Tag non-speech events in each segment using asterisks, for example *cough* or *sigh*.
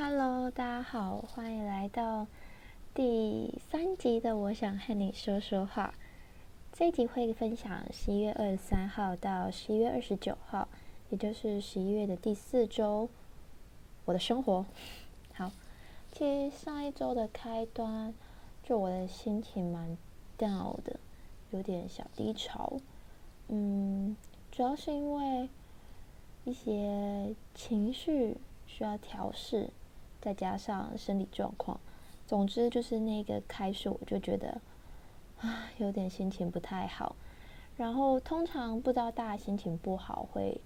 Hello，大家好，歡迎來到第三集的《我想和你說說話》。這一集會分享十一月二十三號到十一月二十九號，也就是十一月的第四週，我的生活。好，其實上一週的開端，就我的心情蠻 down 的，有點小低潮。嗯，主要是因為一些情緒需要調試。再加上身體狀況，總之就是那個開始，我就覺得啊，有點心情不太好。然後通常不知道大家心情不好會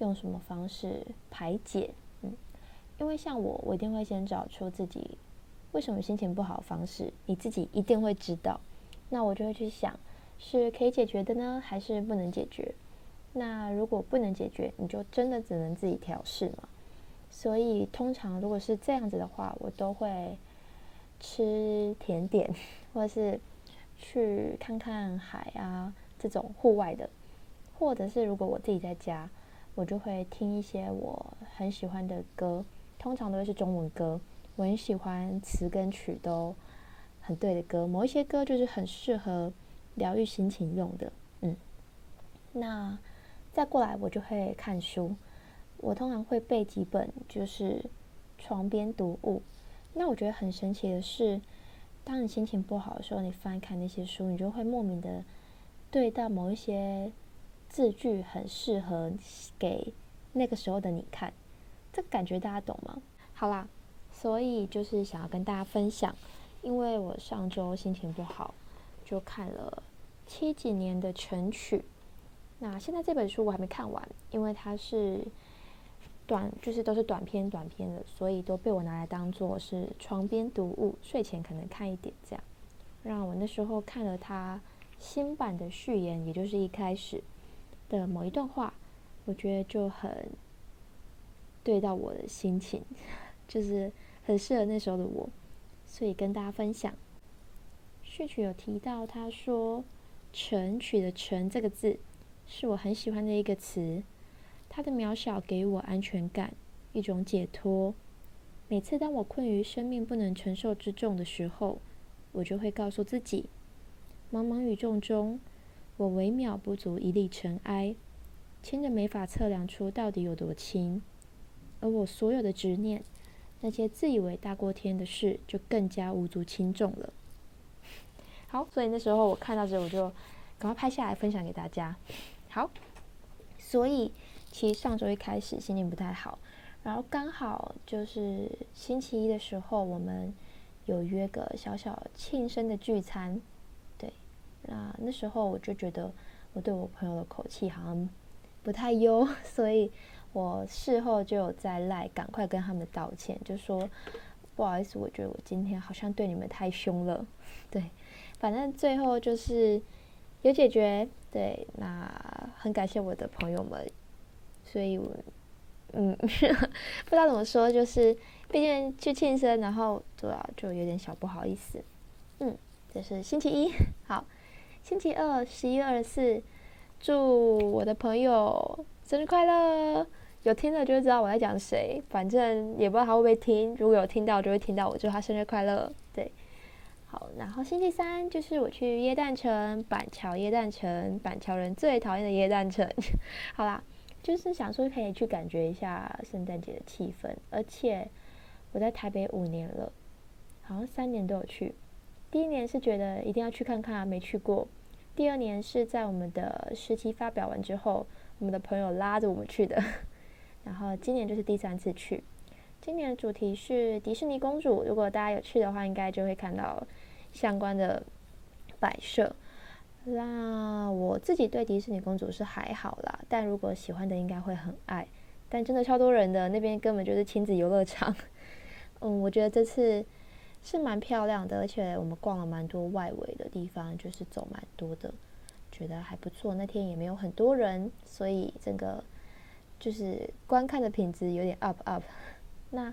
用什麼方式排解？嗯，因為像我，我一定會先找出自己為什麼心情不好的方式，你自己一定會知道。那我就會去想，是可以解決的呢，還是不能解決？那如果不能解決，你就真的只能自己調適嗎？所以通常如果是這樣子的話，我都會吃甜點，或者是去看看海啊這種戶外的，或者是如果我自己在家，我就會聽一些我很喜歡的歌，通常都是中文歌，我很喜歡詞跟曲都很對的歌，某一些歌就是很適合療癒心情用的，嗯，那再過來我就會看書。我通常會背幾本，就是床邊讀物。那我覺得很神奇的是，當你心情不好的時候，你翻看那些書，你就會莫名的，對到某一些字句很適合給那個時候的你看。這個、感覺大家懂嗎？好啦，所以就是想要跟大家分享，因為我上周心情不好，就看了七堇年的《塵曲》。那現在這本書我還沒看完，因為它是。短就是都是短篇短篇的，所以都被我拿來當做是床邊讀物，睡前可能看一點這樣。讓我那時候看了他新版的序言，也就是一開始的某一段話，我覺得就很對到我的心情，就是很適合那時候的我，所以跟大家分享。序曲有提到他說“塵曲”的“塵”這個字，是我很喜歡的一個詞。他的渺小給我安全感，一種解脫。每次當我困於生命不能承受之重的時候，我就會告訴自己：茫茫宇宙中，我微渺不足一粒塵埃，輕的沒法測量出到底有多輕。而我所有的執念，那些自以為大過天的事，就更加無足輕重了。好，所以那時候我看到這，我就趕快拍下來分享給大家。好，所以。其實上週一開始心情不太好，然後剛好就是星期一的時候，我們有約個小小慶生的聚餐，對，那那時候我就覺得我對我朋友的口氣好像不太優，所以我事後就有在賴，趕快跟他們道歉，就說不好意思，我覺得我今天好像對你們太凶了，對，反正最後就是有解決，對，那很感謝我的朋友們。所以，我，嗯，不知道怎麼說，就是，畢竟去慶生，然後，對啊，就有點小不好意思。嗯，這是星期一，好，星期二，十一月二十四，祝我的朋友生日快樂。有聽了就知道我在講誰，反正也不知道他會不會聽。如果有聽到，就會聽到我祝他生日快樂。對，好，然後星期三就是我去耶誕城，板橋耶誕城，板橋人最討厭的耶誕城。好啦。就是想說可以去感覺一下聖誕節的氣氛，而且我在台北五年了，好像三年都有去。第一年是覺得一定要去看看啊，沒去過，第二年是在我們的實習發表完之後，我們的朋友拉着我們去的，然後今年就是第三次去。今年的主題是迪士尼公主，如果大家有去的話，應該就會看到相關的擺設。那我自己對迪士尼公主是還好啦，但如果喜歡的應該會很愛，但真的超多人的，那邊根本就是親子遊樂場。嗯，我覺得這次是蠻漂亮的，而且我們逛了蠻多外圍的地方，就是走蠻多的，覺得還不錯。那天也沒有很多人，所以整個就是觀看的品質有點 up up。那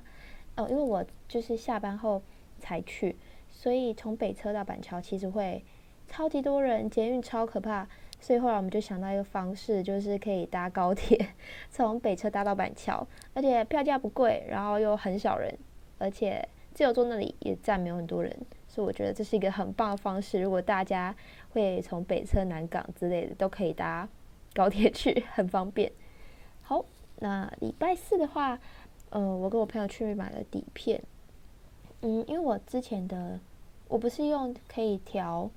哦，因為我就是下班後才去，所以從北車到板橋其實會。超級多人，捷運超可怕，所以後來我們就想到一個方式，就是可以搭高鐵，從北車搭到板橋，而且票價不貴，然後又很少人，而且自由座那裡也站沒有很多人，所以我覺得這是一個很棒的方式。如果大家會從北車、南港之類的，都可以搭高鐵去，很方便。好，那禮拜四的話，呃，我跟我朋友去買了底片，嗯，因為我之前的我不是用可以調。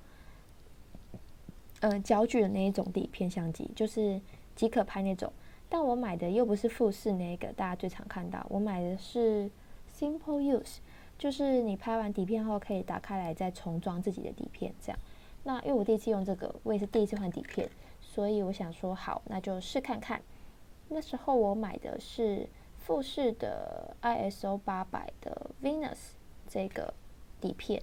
呃，焦距、嗯、的那一種底片相機，就是即可拍那種。但我買的又不是富士那個，大家最常看到。我買的是 Simple Use，就是你拍完底片後可以打開來再重裝自己的底片這樣。那因為我第一次用這個，我也是第一次換底片，所以我想說好，那就試看看。那時候我買的是富士的 ISO 八百的 Venus 這個底片。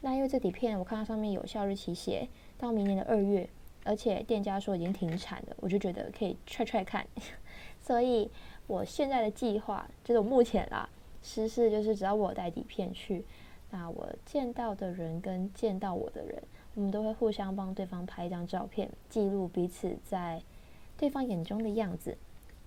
那因為這底片，我看到上面有效日期寫到明年的二月，而且店家說已經停產了，我就覺得可以踹踹看。 *laughs* 所以我現在的計劃，就是我目前啦，私事就是只要我帶底片去，那我見到的人跟見到我的人，我們都會互相幫對方拍一張照片，記錄彼此在對方眼中的樣子。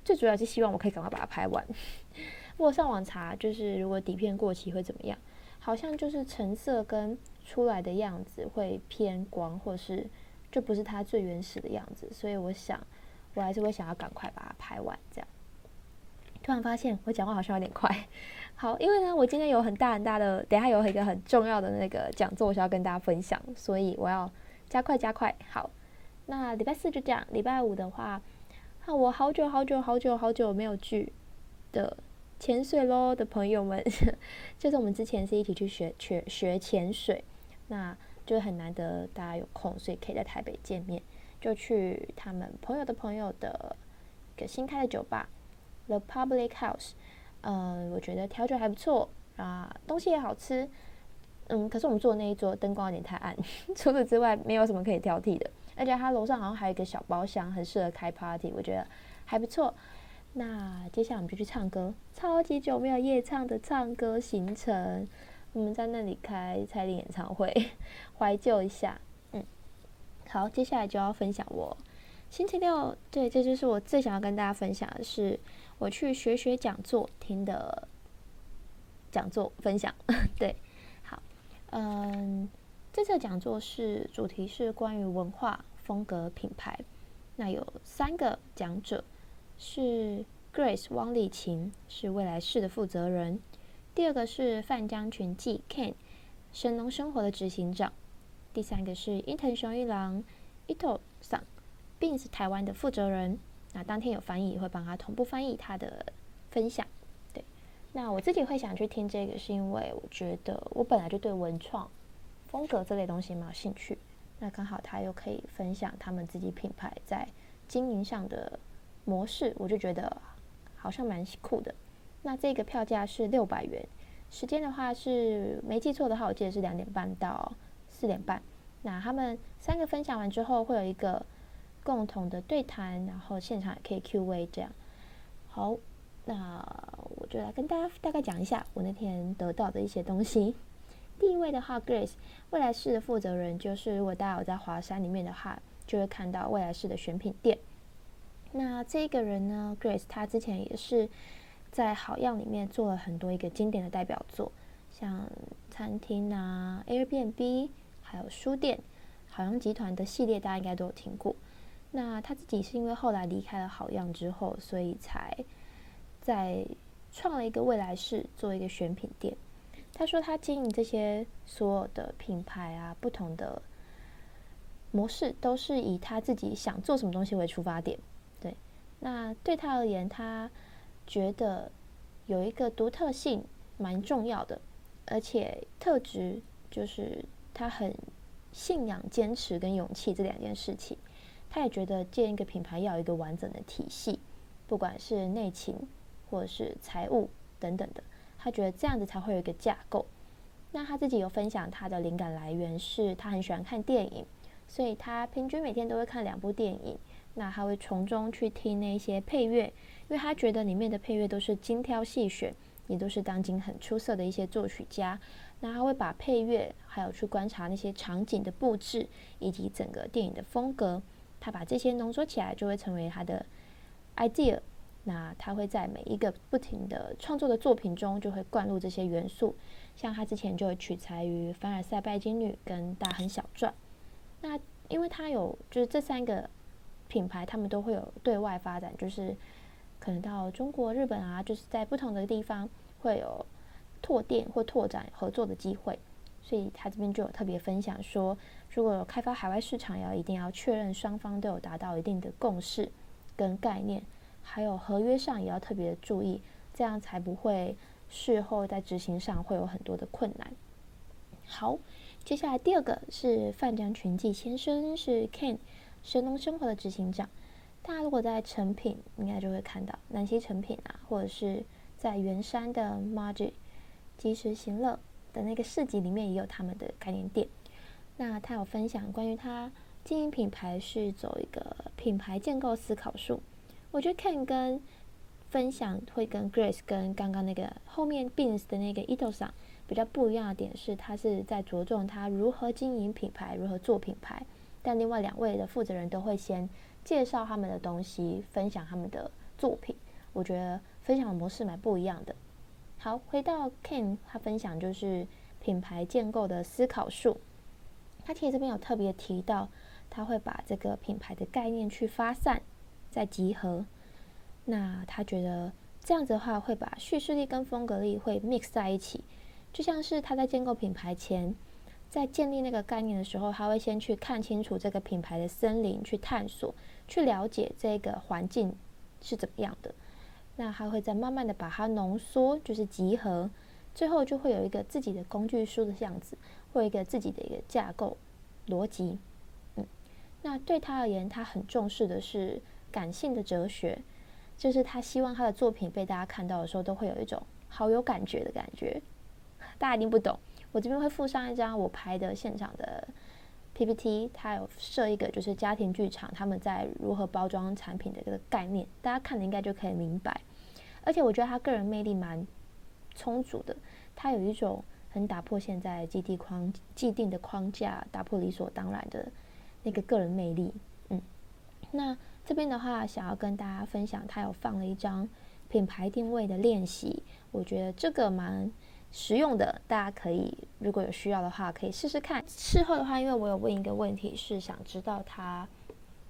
最主要就是希望我可以趕快把它拍完。 *laughs* 我上網查，就是如果底片過期會怎麼樣？好像就是成色跟出來的樣子會偏光，或是就不是它最原始的樣子，所以我想我還是會想要趕快把它拍完。這樣，突然發現我講話好像有點快。好，因為呢，我今天有很大很大的，等一下有一個很重要的那個講座我想要跟大家分享，所以我要加快加快。好，那禮拜四就這樣，禮拜五的話，那我好久好久好久好久沒有聚的。潛水咯的朋友們，就是我們之前是一起去學學學潛水，那就很難得大家有空，所以可以在台北見面，就去他們朋友的朋友的一個新開的酒吧 The Public House。呃，我覺得調酒還不錯啊，東西也好吃。嗯，可是我們坐的那一桌燈光有點太暗，除此之外沒有什麼可以挑剔的。而且他樓上好像還有一個小包廂，很適合開 party，我覺得還不錯。那接下來我們就去唱歌，超級久沒有夜唱的唱歌行程，我們在那裡開彩鈴演唱會，懷舊一下。嗯，好，接下來就要分享我星期六，對，這就是我最想要跟大家分享的是，我去學學講座聽的講座分享。對，好，嗯，這次的講座是主題是關於文化、風格、品牌，那有三個講者。是 Grace 汪麗琴是未來市的負責人，第二個是范薑群季 Ken 神農生活的執行長，第三個是伊藤雄一郎 Ito 桑，BEAMS 是台灣的負責人。那當天有翻譯會幫他同步翻譯他的分享。對，那我自己會想去聽這個，是因為我覺得我本來就對文創風格這類東西蠻有興趣，那剛好他又可以分享他們自己品牌在經營上的。模式，我就覺得好像蠻酷的。那這個票價是六百元，時間的話是沒記錯的話，我記得是兩點半到四點半。那他們三個分享完之後，會有一個共同的對談，然後現場也可以 Q&A 這樣。好，那我就來跟大家大概講一下我那天得到的一些東西。第一位的話，Grace 未來市的負責人，就是如果大家有在華山裡面的話，就會看到未來市的選品店。那這個人呢，Grace，他之前也是在好樣裡面做了很多一個經典的代表作，像餐廳啊、Airbnb，還有書店，好樣集團的系列大家應該都有聽過。那他自己是因為後來離開了好樣之後，所以才在創了一個未來市，做一個選品店。他說他經營這些所有的品牌啊，不同的模式，都是以他自己想做什麼東西為出發點。那對他而言，他覺得有一個獨特性蠻重要的，而且特質就是他很信仰、堅持跟勇氣這兩件事情。他也覺得建一個品牌要有一個完整的體系，不管是內勤或者是財務等等的，他覺得這樣子才會有一個架構。那他自己有分享他的靈感來源是，他很喜歡看電影，所以他平均每天都會看兩部電影。那他會從中去聽那些配樂，因為他覺得裡面的配樂都是精挑細選，也都是當今很出色的一些作曲家。那他會把配樂還有去觀察那些場景的布置以及整個電影的風格，他把這些濃縮起來就會成為他的 idea。那他會在每一個不停的創作的作品中就會灌入這些元素，像他之前就會取材於《凡爾賽拜金女》跟《大亨小傳》，那因為他有就是這三個。品牌他們都會有對外發展，就是可能到中國、日本啊，就是在不同的地方會有拓店或拓展合作的機會。所以他這邊就有特別分享說，如果開發海外市場，要一定要確認雙方都有達到一定的共識跟概念，還有合約上也要特別的注意，這樣才不會事後在執行上會有很多的困難。好，接下來第二個是范姜群季先生，是 Ken。神農生活的執行長，大家如果在誠品，應該就會看到南西誠品啊，或者是在圓山的 MAJI 集食行樂的那個市集裡面也有他們的概念店。那他有分享關於他經營品牌是走一個品牌建構思考術。我覺得 Ken 跟分享會跟 Grace 跟剛剛那個後面 BEAMS 的那個 Ito 桑比較不一樣的點是，他是在着重他如何經營品牌，如何做品牌。但另外兩位的負責人都會先介紹他們的東西，分享他們的作品。我覺得分享的模式蠻不一樣的。好，回到 Ken，他分享就是品牌建構的思考術。他其實這邊有特別提到，他會把這個品牌的概念去發散，再集合。那他覺得這樣子的話，會把敘事力跟風格力會 mix 在一起，就像是他在建構品牌前。在建立那個概念的時候，他會先去看清楚這個品牌的森林，去探索，去了解這個環境是怎麼樣的。那他會再慢慢的把它濃縮，就是集合，最後就會有一個自己的工具書的樣子，或一個自己的一個架構邏輯。嗯，那對他而言，他很重視的是感性的哲學，就是他希望他的作品被大家看到的時候，都會有一種好有感覺的感覺。大家一定不懂。我這邊會附上一張我拍的現場的 PPT，它有設一個就是家庭劇場他們在如何包裝產品的這個概念，大家看了應該就可以明白。而且我覺得他個人魅力蠻充足的，他有一種很打破現在既定框、既定的框架，打破理所當然的那個個人魅力。嗯，那這邊的話，想要跟大家分享，他有放了一張品牌定位的練習，我覺得這個蠻實用的，大家可以如果有需要的話，可以試試看。事後的話，因為我有問一個問題是想知道他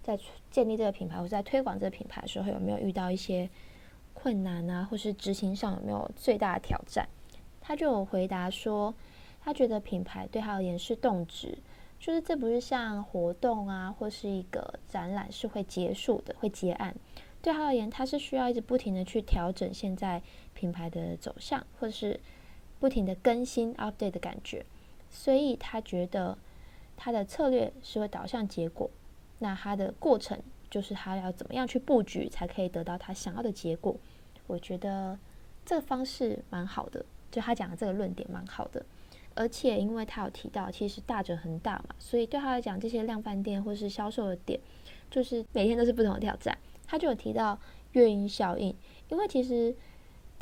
在建立這個品牌或在推廣這個品牌的時候有沒有遇到一些困難啊，或是執行上有沒有最大的挑戰，他就有回答說，他覺得品牌對他而言是動植，就是這不是像活動啊或是一個展覽是會結束的會結案，對他而言，他是需要一直不停的去調整現在品牌的走向，或者是。不停的更新 update 的感覺，所以他覺得他的策略是會導向結果，那他的過程就是他要怎麼樣去布局才可以得到他想要的結果。我覺得這個方式蠻好的，就他講的這個論點蠻好的。而且因為他有提到，其實大者恆大嘛，所以對他來講，這些量販店或是銷售的點，就是每天都是不同的挑戰。他就有提到月暈效應，因為其實。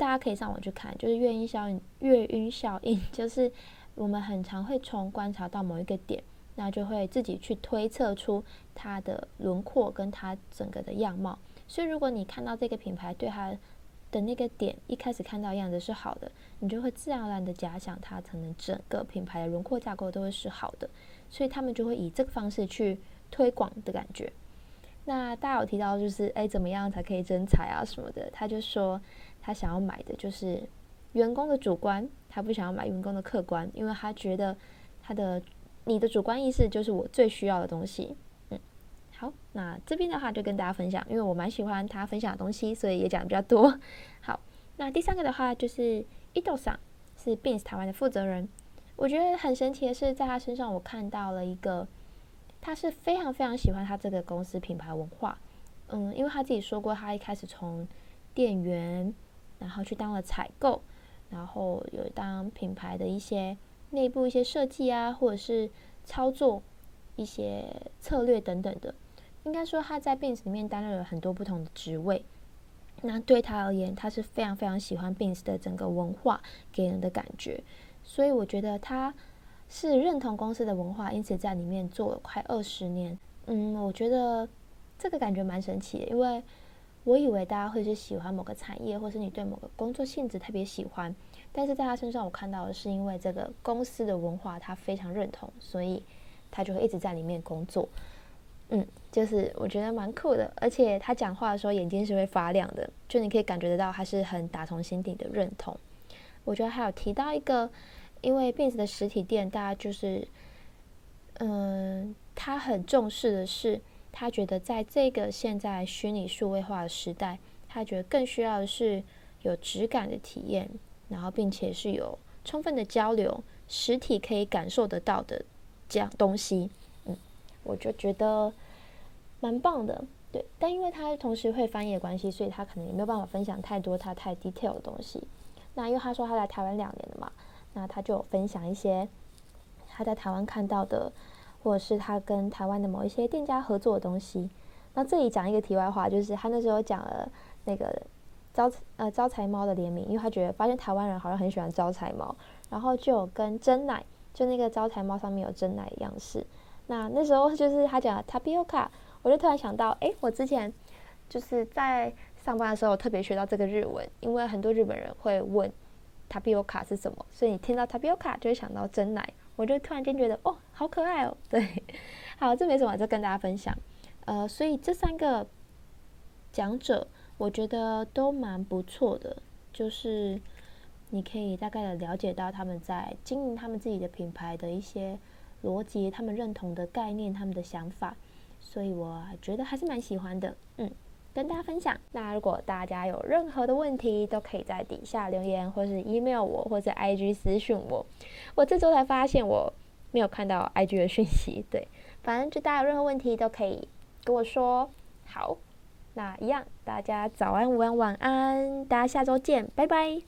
大家可以上網去看，就是月暈效應。月暈效應就是我們很常會從觀察到某一個點，那就會自己去推測出它的輪廓跟它整個的樣貌。所以如果你看到這個品牌對它的那個點一開始看到的樣子是好的，你就會自然而然的假想它可能整個品牌的輪廓架構都會是好的，所以他們就會以這個方式去推廣的感覺。那大家有提到，就是哎，怎麼樣才可以徵才啊什麼的？他就說他想要買的就是員工的主觀，他不想要買員工的客觀，因為他覺得他的你的主觀意識就是我最需要的東西。嗯，好，那這邊的話就跟大家分享，因為我蠻喜歡他分享的東西，所以也講比較多。好，那第三個的話就是伊藤桑，san, 是 BEAMS 台灣的負責人。我覺得很神奇的是，在他身上我看到了一個。他是非常非常喜歡他這個公司品牌文化，嗯，因為他自己說過，他一開始從店員，然後去當了採購，然後有當品牌的一些內部一些設計啊，或者是操作一些策略等等的。應該說他在 BEAMS 裡面擔任了很多不同的職位。那對他而言，他是非常非常喜歡 BEAMS 的整個文化給人的感覺，所以我覺得他。是認同公司的文化，因此在裡面做了快二十年。嗯，我覺得這個感覺蠻神奇的，因為我以為大家會是喜歡某個產業，或是你對某個工作性質特別喜歡，但是在他身上我看到的是，因為這個公司的文化他非常認同，所以他就會一直在裡面工作。嗯，就是我覺得蠻酷的，而且他講話的時候眼睛是會發亮的，就你可以感覺得到他是很打從心底的認同。我覺得還有提到一個。因為 BEAMS 的實體店，大家就是，嗯，他很重視的是，他覺得在這個現在虛擬數位化的時代，他覺得更需要的是有質感的體驗，然後並且是有充分的交流，實體可以感受得到的這樣東西。嗯，我就覺得蠻棒的，對。但因為他同時會翻譯的關係，所以他可能也沒有辦法分享太多他太 detail 的東西。那因為他說他來台灣兩年了嘛。那他就分享一些他在台灣看到的，或者是他跟台灣的某一些店家合作的東西。那這裡講一個題外話，就是他那時候講了那個招呃招財貓的聯名，因為他覺得發現台灣人好像很喜歡招財貓，然後就有跟真奶就那個招財貓上面有真奶樣式。那那時候就是他講了 t a p i o a 我就突然想到，哎、欸，我之前就是在上班的時候特別學到這個日文，因為很多日本人會問。塔皮歐卡是什麼？所以你聽到塔皮歐卡就會想到珍奶，我就突然間覺得哦，好可愛哦！對，好，這沒什麼，我就跟大家分享。呃，所以這三個講者，我覺得都蠻不錯的，就是你可以大概的了解到他們在經營他們自己的品牌的一些邏輯、他們認同的概念、他們的想法，所以我覺得還是蠻喜歡的，嗯。跟大家分享。那如果大家有任何的問題，都可以在底下留言，或是 email 我，或者 IG 私訊我。我這週才發現我沒有看到 IG 的訊息，對。反正就大家有任何問題都可以跟我說。好，那一樣，大家早安、午安、晚安，大家下週見，拜拜。